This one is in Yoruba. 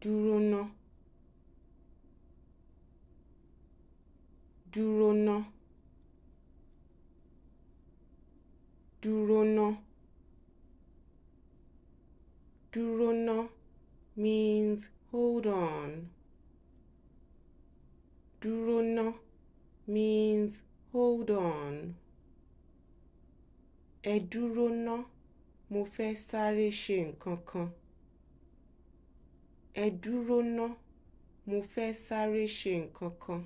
dúró ná dúró ná dúró ná dúró ná means hold on dúró ná means hold on ẹ dúró ná mo fẹ́ sáré ṣe nǹkan kan ẹ dúró ná mo fẹ́ sáré ṣe nǹkan kan